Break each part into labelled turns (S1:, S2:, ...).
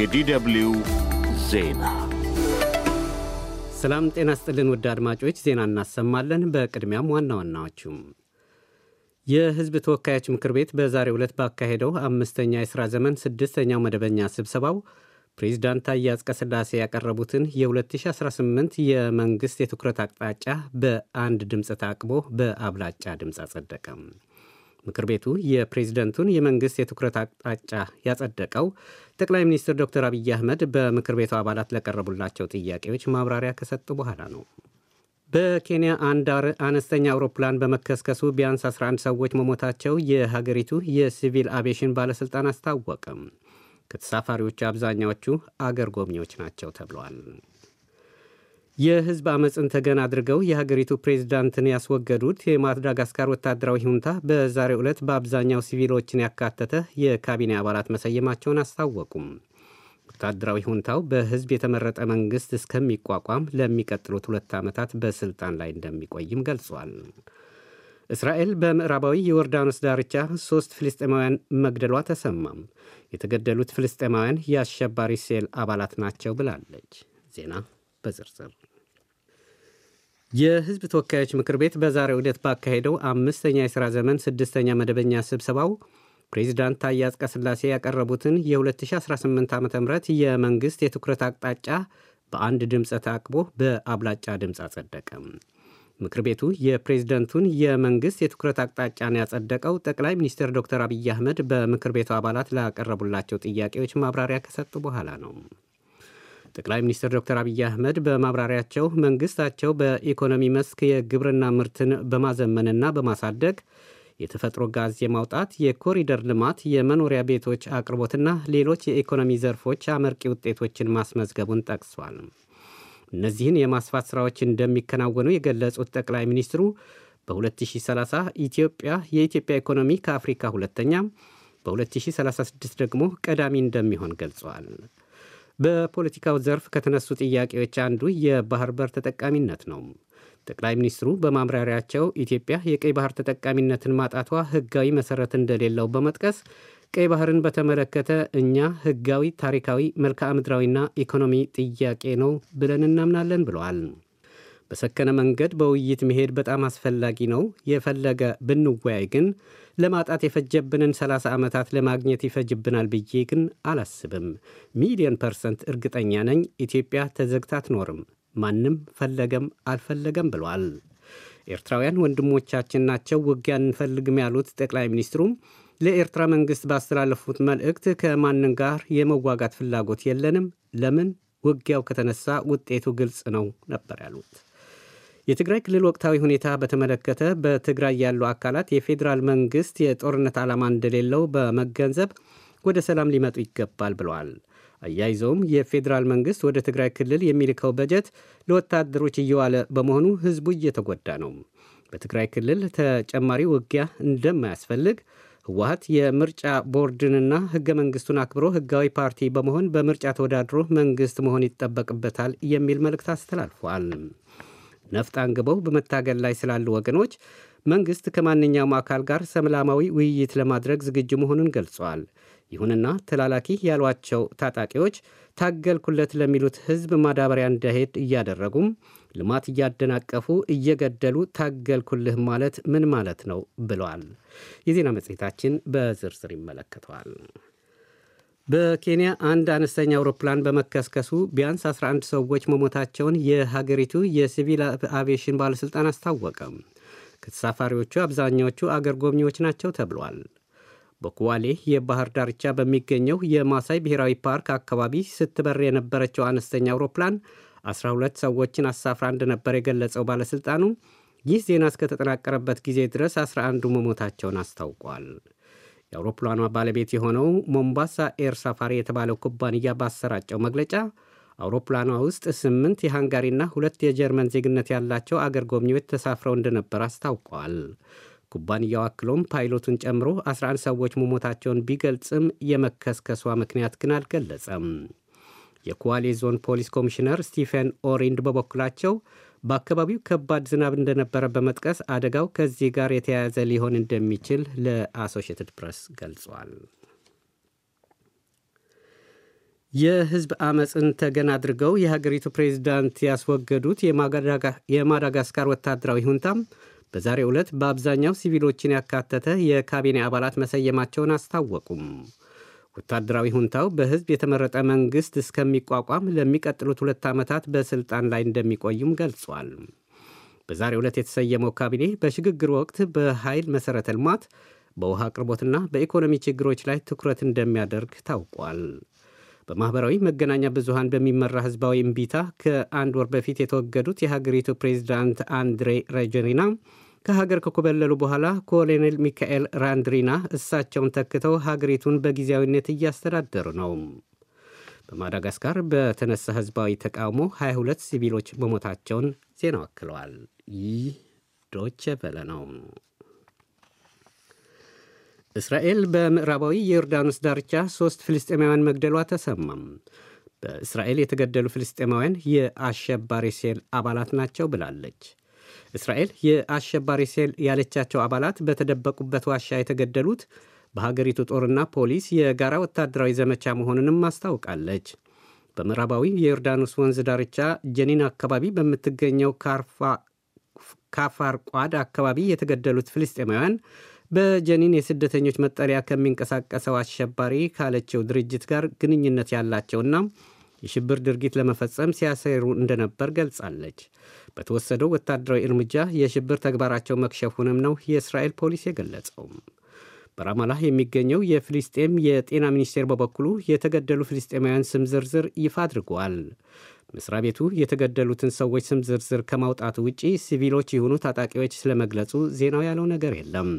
S1: የዲደብልዩ ዜና ሰላም ጤና ስጥልን። ውድ አድማጮች ዜና እናሰማለን። በቅድሚያም ዋና ዋናዎቹም የህዝብ ተወካዮች ምክር ቤት በዛሬ ሁለት ባካሄደው አምስተኛ የሥራ ዘመን ስድስተኛው መደበኛ ስብሰባው ፕሬዚዳንት ታዬ ስላሴ ያቀረቡትን የ2018 የመንግሥት የትኩረት አቅጣጫ በአንድ ድምፅ ታቅቦ በአብላጫ ድምፅ አጸደቀም። ምክር ቤቱ የፕሬዝደንቱን የመንግሥት የትኩረት አቅጣጫ ያጸደቀው ጠቅላይ ሚኒስትር ዶክተር አብይ አህመድ በምክር ቤቱ አባላት ለቀረቡላቸው ጥያቄዎች ማብራሪያ ከሰጡ በኋላ ነው። በኬንያ አንድ አነስተኛ አውሮፕላን በመከስከሱ ቢያንስ 11 ሰዎች መሞታቸው የሀገሪቱ የሲቪል አቪዬሽን ባለሥልጣን አስታወቀም። ከተሳፋሪዎቹ አብዛኛዎቹ አገር ጎብኚዎች ናቸው ተብለዋል። የህዝብ አመፅን ተገን አድርገው የሀገሪቱ ፕሬዝዳንትን ያስወገዱት የማዳጋስካር ወታደራዊ ሁንታ በዛሬ ዕለት በአብዛኛው ሲቪሎችን ያካተተ የካቢኔ አባላት መሰየማቸውን አስታወቁም። ወታደራዊ ሁንታው በህዝብ የተመረጠ መንግስት እስከሚቋቋም ለሚቀጥሉት ሁለት ዓመታት በስልጣን ላይ እንደሚቆይም ገልጿል። እስራኤል በምዕራባዊ የዮርዳኖስ ዳርቻ ሦስት ፍልስጤማውያን መግደሏ ተሰማም። የተገደሉት ፍልስጤማውያን የአሸባሪ ሴል አባላት ናቸው ብላለች። ዜና በዝርዝር የህዝብ ተወካዮች ምክር ቤት በዛሬው ዕለት ባካሄደው አምስተኛ የሥራ ዘመን ስድስተኛ መደበኛ ስብሰባው ፕሬዚዳንት ታዬ አጽቀሥላሴ ያቀረቡትን የ2018 ዓ ም የመንግሥት የትኩረት አቅጣጫ በአንድ ድምፅ ተአቅቦ በአብላጫ ድምፅ አጸደቀ። ምክር ቤቱ የፕሬዝደንቱን የመንግሥት የትኩረት አቅጣጫን ያጸደቀው ጠቅላይ ሚኒስትር ዶክተር አብይ አህመድ በምክር ቤቱ አባላት ላቀረቡላቸው ጥያቄዎች ማብራሪያ ከሰጡ በኋላ ነው። ጠቅላይ ሚኒስትር ዶክተር አብይ አህመድ በማብራሪያቸው መንግስታቸው በኢኮኖሚ መስክ የግብርና ምርትን በማዘመንና በማሳደግ የተፈጥሮ ጋዝ የማውጣት፣ የኮሪደር ልማት፣ የመኖሪያ ቤቶች አቅርቦትና ሌሎች የኢኮኖሚ ዘርፎች አመርቂ ውጤቶችን ማስመዝገቡን ጠቅሷል። እነዚህን የማስፋት ሥራዎች እንደሚከናወኑ የገለጹት ጠቅላይ ሚኒስትሩ በ2030 ኢትዮጵያ የኢትዮጵያ ኢኮኖሚ ከአፍሪካ ሁለተኛ፣ በ2036 ደግሞ ቀዳሚ እንደሚሆን ገልጸዋል። በፖለቲካው ዘርፍ ከተነሱ ጥያቄዎች አንዱ የባህር በር ተጠቃሚነት ነው። ጠቅላይ ሚኒስትሩ በማምራሪያቸው ኢትዮጵያ የቀይ ባህር ተጠቃሚነትን ማጣቷ ሕጋዊ መሰረት እንደሌለው በመጥቀስ ቀይ ባህርን በተመለከተ እኛ ሕጋዊ፣ ታሪካዊ፣ መልክዓ ምድራዊና ኢኮኖሚ ጥያቄ ነው ብለን እናምናለን ብለዋል። በሰከነ መንገድ በውይይት መሄድ በጣም አስፈላጊ ነው። የፈለገ ብንወያይ ግን ለማጣት የፈጀብንን 30 ዓመታት ለማግኘት ይፈጅብናል ብዬ ግን አላስብም። ሚሊዮን ፐርሰንት እርግጠኛ ነኝ ኢትዮጵያ ተዘግታ አትኖርም። ማንም ፈለገም አልፈለገም ብሏል። ኤርትራውያን ወንድሞቻችን ናቸው ውጊያ አንፈልግም ያሉት ጠቅላይ ሚኒስትሩም ለኤርትራ መንግሥት ባስተላለፉት መልእክት ከማንም ጋር የመዋጋት ፍላጎት የለንም፣ ለምን ውጊያው ከተነሳ ውጤቱ ግልጽ ነው ነበር ያሉት። የትግራይ ክልል ወቅታዊ ሁኔታ በተመለከተ በትግራይ ያሉ አካላት የፌዴራል መንግስት የጦርነት ዓላማ እንደሌለው በመገንዘብ ወደ ሰላም ሊመጡ ይገባል ብለዋል። አያይዘውም የፌዴራል መንግስት ወደ ትግራይ ክልል የሚልከው በጀት ለወታደሮች እየዋለ በመሆኑ ህዝቡ እየተጎዳ ነው። በትግራይ ክልል ተጨማሪ ውጊያ እንደማያስፈልግ ህወሀት የምርጫ ቦርድንና ህገ መንግስቱን አክብሮ ህጋዊ ፓርቲ በመሆን በምርጫ ተወዳድሮ መንግስት መሆን ይጠበቅበታል የሚል መልእክት አስተላልፏል። ነፍጥ አንግበው በመታገል ላይ ስላሉ ወገኖች መንግሥት ከማንኛውም አካል ጋር ሰላማዊ ውይይት ለማድረግ ዝግጁ መሆኑን ገልጿል። ይሁንና ተላላኪ ያሏቸው ታጣቂዎች ታገልኩለት ለሚሉት ሕዝብ ማዳበሪያ እንዳይሄድ እያደረጉም ልማት እያደናቀፉ እየገደሉ ታገልኩልህ ማለት ምን ማለት ነው ብሏል። የዜና መጽሔታችን በዝርዝር ይመለከተዋል። በኬንያ አንድ አነስተኛ አውሮፕላን በመከስከሱ ቢያንስ 11 ሰዎች መሞታቸውን የሀገሪቱ የሲቪል አቪሽን ባለሥልጣን አስታወቀም። ከተሳፋሪዎቹ አብዛኛዎቹ አገር ጎብኚዎች ናቸው ተብሏል። በኩዋሌ የባህር ዳርቻ በሚገኘው የማሳይ ብሔራዊ ፓርክ አካባቢ ስትበር የነበረችው አነስተኛ አውሮፕላን 12 ሰዎችን አሳፍራ እንደነበር የገለጸው ባለሥልጣኑ ይህ ዜና እስከተጠናቀረበት ጊዜ ድረስ 11ዱ መሞታቸውን አስታውቋል። የአውሮፕላኗ ባለቤት የሆነው ሞምባሳ ኤር ሳፋሪ የተባለው ኩባንያ ባሰራጨው መግለጫ አውሮፕላኗ ውስጥ ስምንት የሃንጋሪና ሁለት የጀርመን ዜግነት ያላቸው አገር ጎብኚዎች ተሳፍረው እንደነበር አስታውቋል። ኩባንያው አክሎም ፓይሎቱን ጨምሮ 11 ሰዎች መሞታቸውን ቢገልጽም የመከስከሷ ምክንያት ግን አልገለጸም። የኩዋሌ ዞን ፖሊስ ኮሚሽነር ስቲፈን ኦሪንድ በበኩላቸው በአካባቢው ከባድ ዝናብ እንደነበረ በመጥቀስ አደጋው ከዚህ ጋር የተያያዘ ሊሆን እንደሚችል ለአሶሽትድ ፕሬስ ገልጿል። የህዝብ አመፅን ተገን አድርገው የሀገሪቱ ፕሬዚዳንት ያስወገዱት የማዳጋስካር ወታደራዊ ሁንታም በዛሬ ዕለት በአብዛኛው ሲቪሎችን ያካተተ የካቢኔ አባላት መሰየማቸውን አስታወቁም። ወታደራዊ ሁንታው በህዝብ የተመረጠ መንግስት እስከሚቋቋም ለሚቀጥሉት ሁለት ዓመታት በስልጣን ላይ እንደሚቆይም ገልጿል። በዛሬ ዕለት የተሰየመው ካቢኔ በሽግግር ወቅት በኃይል መሠረተ ልማት፣ በውሃ አቅርቦትና በኢኮኖሚ ችግሮች ላይ ትኩረት እንደሚያደርግ ታውቋል። በማኅበራዊ መገናኛ ብዙሃን በሚመራ ህዝባዊ እምቢታ ከአንድ ወር በፊት የተወገዱት የሀገሪቱ ፕሬዚዳንት አንድሬ ረጀሪና ከሀገር ከኮበለሉ በኋላ ኮሎኔል ሚካኤል ራንድሪና እሳቸውን ተክተው ሀገሪቱን በጊዜያዊነት እያስተዳደሩ ነው። በማዳጋስካር በተነሳ ህዝባዊ ተቃውሞ 22 ሲቪሎች መሞታቸውን ዜና ወክለዋል። ይህ ዶቼ ቬለ ነው። እስራኤል በምዕራባዊ የዮርዳኖስ ዳርቻ ሦስት ፍልስጤማውያን መግደሏ ተሰማም። በእስራኤል የተገደሉ ፍልስጤማውያን የአሸባሪ ሴል አባላት ናቸው ብላለች። እስራኤል የአሸባሪ ሴል ያለቻቸው አባላት በተደበቁበት ዋሻ የተገደሉት በሀገሪቱ ጦርና ፖሊስ የጋራ ወታደራዊ ዘመቻ መሆኑንም አስታውቃለች። በምዕራባዊ የዮርዳኖስ ወንዝ ዳርቻ ጀኒን አካባቢ በምትገኘው ካፋር ቋድ አካባቢ የተገደሉት ፍልስጤማውያን በጀኒን የስደተኞች መጠለያ ከሚንቀሳቀሰው አሸባሪ ካለችው ድርጅት ጋር ግንኙነት ያላቸውና የሽብር ድርጊት ለመፈጸም ሲያሰሩ እንደነበር ገልጻለች። በተወሰደው ወታደራዊ እርምጃ የሽብር ተግባራቸው መክሸፉንም ነው የእስራኤል ፖሊስ የገለጸው። በራማላህ የሚገኘው የፊልስጤም የጤና ሚኒስቴር በበኩሉ የተገደሉ ፊልስጤማውያን ስም ዝርዝር ይፋ አድርጓል። መስሪያ ቤቱ የተገደሉትን ሰዎች ስም ዝርዝር ከማውጣቱ ውጪ ሲቪሎች የሆኑ ታጣቂዎች ስለመግለጹ ዜናው ያለው ነገር የለም።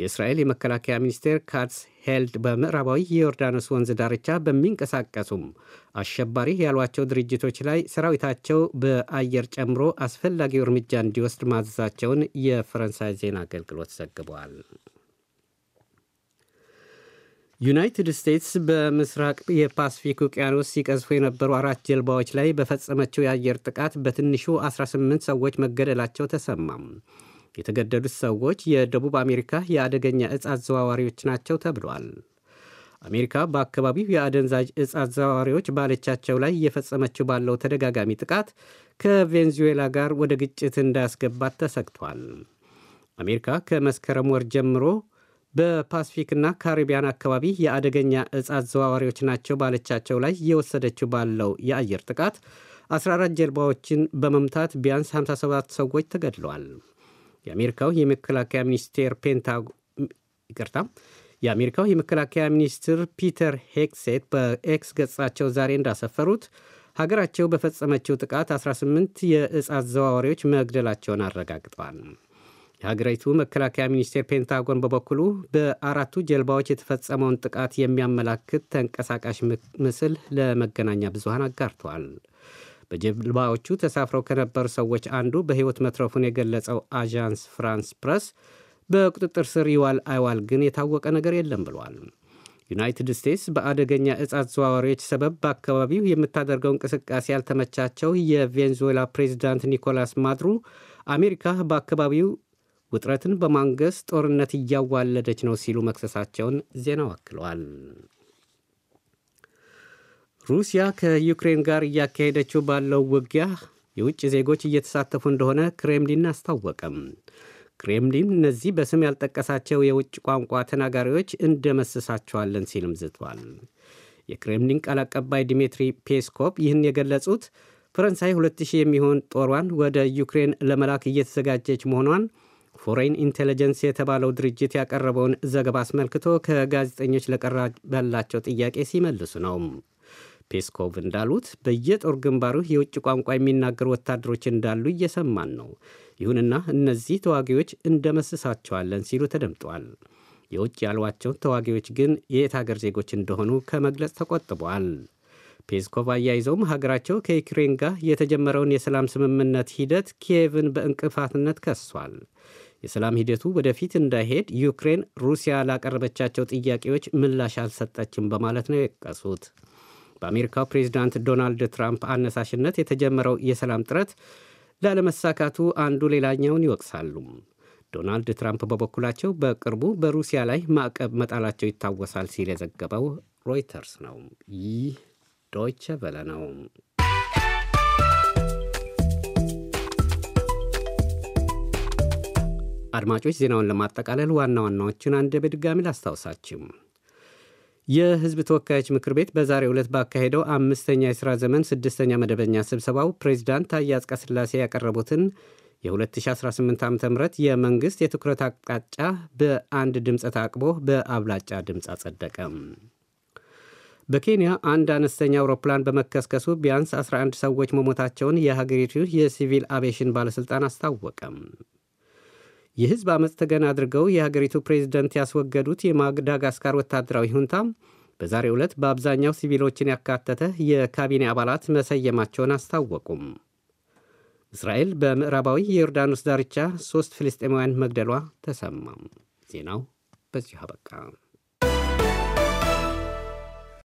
S1: የእስራኤል የመከላከያ ሚኒስቴር ካትስ ሄልድ በምዕራባዊ የዮርዳኖስ ወንዝ ዳርቻ በሚንቀሳቀሱም አሸባሪ ያሏቸው ድርጅቶች ላይ ሰራዊታቸው በአየር ጨምሮ አስፈላጊው እርምጃ እንዲወስድ ማዘዛቸውን የፈረንሳይ ዜና አገልግሎት ዘግቧል። ዩናይትድ ስቴትስ በምስራቅ የፓስፊክ ውቅያኖስ ሲቀዝፉ የነበሩ አራት ጀልባዎች ላይ በፈጸመችው የአየር ጥቃት በትንሹ 18 ሰዎች መገደላቸው ተሰማም። የተገደሉት ሰዎች የደቡብ አሜሪካ የአደገኛ እጽ አዘዋዋሪዎች ናቸው ተብሏል። አሜሪካ በአካባቢው የአደንዛዥ እጽ አዘዋዋሪዎች ባለቻቸው ላይ እየፈጸመችው ባለው ተደጋጋሚ ጥቃት ከቬንዙዌላ ጋር ወደ ግጭት እንዳያስገባት ተሰግቷል። አሜሪካ ከመስከረም ወር ጀምሮ በፓስፊክና ካሪቢያን አካባቢ የአደገኛ እጽ አዘዋዋሪዎች ናቸው ባለቻቸው ላይ እየወሰደችው ባለው የአየር ጥቃት 14 ጀልባዎችን በመምታት ቢያንስ 57 ሰዎች ተገድለዋል። የአሜሪካው የመከላከያ ሚኒስቴር ፔንታጎ ይቅርታ የአሜሪካው የመከላከያ ሚኒስትር ፒተር ሄክሴት በኤክስ ገጻቸው ዛሬ እንዳሰፈሩት ሀገራቸው በፈጸመችው ጥቃት 18 የእጽ አዘዋዋሪዎች መግደላቸውን አረጋግጠዋል። የሀገሪቱ መከላከያ ሚኒስቴር ፔንታጎን በበኩሉ በአራቱ ጀልባዎች የተፈጸመውን ጥቃት የሚያመላክት ተንቀሳቃሽ ምስል ለመገናኛ ብዙሃን አጋርተዋል። በጀልባዎቹ ተሳፍረው ከነበሩ ሰዎች አንዱ በሕይወት መትረፉን የገለጸው አዣንስ ፍራንስ ፕረስ በቁጥጥር ስር ይዋል አይዋል ግን የታወቀ ነገር የለም ብሏል። ዩናይትድ ስቴትስ በአደገኛ እጽ አዘዋዋሪዎች ሰበብ በአካባቢው የምታደርገው እንቅስቃሴ ያልተመቻቸው የቬንዙዌላ ፕሬዚዳንት ኒኮላስ ማዱሮ አሜሪካ በአካባቢው ውጥረትን በማንገስ ጦርነት እያዋለደች ነው ሲሉ መክሰሳቸውን ዜናው አክለዋል። ሩሲያ ከዩክሬን ጋር እያካሄደችው ባለው ውጊያ የውጭ ዜጎች እየተሳተፉ እንደሆነ ክሬምሊን አስታወቀም። ክሬምሊን እነዚህ በስም ያልጠቀሳቸው የውጭ ቋንቋ ተናጋሪዎች እንደመስሳቸዋለን ሲልም ዝቷል። የክሬምሊን ቃል አቀባይ ዲሜትሪ ፔስኮቭ ይህን የገለጹት ፈረንሳይ 200 የሚሆን ጦሯን ወደ ዩክሬን ለመላክ እየተዘጋጀች መሆኗን ፎሬን ኢንቴሊጀንስ የተባለው ድርጅት ያቀረበውን ዘገባ አስመልክቶ ከጋዜጠኞች ለቀረበላቸው ጥያቄ ሲመልሱ ነው። ፔስኮቭ እንዳሉት በየጦር ግንባሩ የውጭ ቋንቋ የሚናገሩ ወታደሮች እንዳሉ እየሰማን ነው። ይሁንና እነዚህ ተዋጊዎች እንደመስሳቸዋለን ሲሉ ተደምጠዋል። የውጭ ያሏቸው ተዋጊዎች ግን የየት ሀገር ዜጎች እንደሆኑ ከመግለጽ ተቆጥቧል። ፔስኮቭ አያይዘውም ሀገራቸው ከዩክሬን ጋር የተጀመረውን የሰላም ስምምነት ሂደት ኪየቭን በእንቅፋትነት ከሷል። የሰላም ሂደቱ ወደፊት እንዳይሄድ ዩክሬን ሩሲያ ላቀረበቻቸው ጥያቄዎች ምላሽ አልሰጠችም በማለት ነው የጠቀሱት። በአሜሪካው ፕሬዚዳንት ዶናልድ ትራምፕ አነሳሽነት የተጀመረው የሰላም ጥረት ላለመሳካቱ አንዱ ሌላኛውን ይወቅሳሉ። ዶናልድ ትራምፕ በበኩላቸው በቅርቡ በሩሲያ ላይ ማዕቀብ መጣላቸው ይታወሳል ሲል የዘገበው ሮይተርስ ነው። ይህ ዶይቸ በለ ነው። አድማጮች ዜናውን ለማጠቃለል ዋና ዋናዎችን አንድ በድጋሚ ላስታውሳችም የህዝብ ተወካዮች ምክር ቤት በዛሬ ዕለት ባካሄደው አምስተኛ የሥራ ዘመን ስድስተኛ መደበኛ ስብሰባው ፕሬዚዳንት ታዬ አጽቀሥላሴ ያቀረቡትን የ2018 ዓ ም የመንግሥት የትኩረት አቅጣጫ በአንድ ድምፅ ታቅቦ በአብላጫ ድምፅ አጸደቀም። በኬንያ አንድ አነስተኛ አውሮፕላን በመከስከሱ ቢያንስ 11 ሰዎች መሞታቸውን የሀገሪቱ የሲቪል አቪዬሽን ባለሥልጣን አስታወቀም። የህዝብ አመፅ ተገን አድርገው የሀገሪቱ ፕሬዝደንት ያስወገዱት የማዳጋስካር ወታደራዊ ሁንታም በዛሬ ዕለት በአብዛኛው ሲቪሎችን ያካተተ የካቢኔ አባላት መሰየማቸውን አስታወቁም። እስራኤል በምዕራባዊ የዮርዳኖስ ዳርቻ ሦስት ፍልስጤማውያን መግደሏ ተሰማም። ዜናው በዚሁ አበቃ።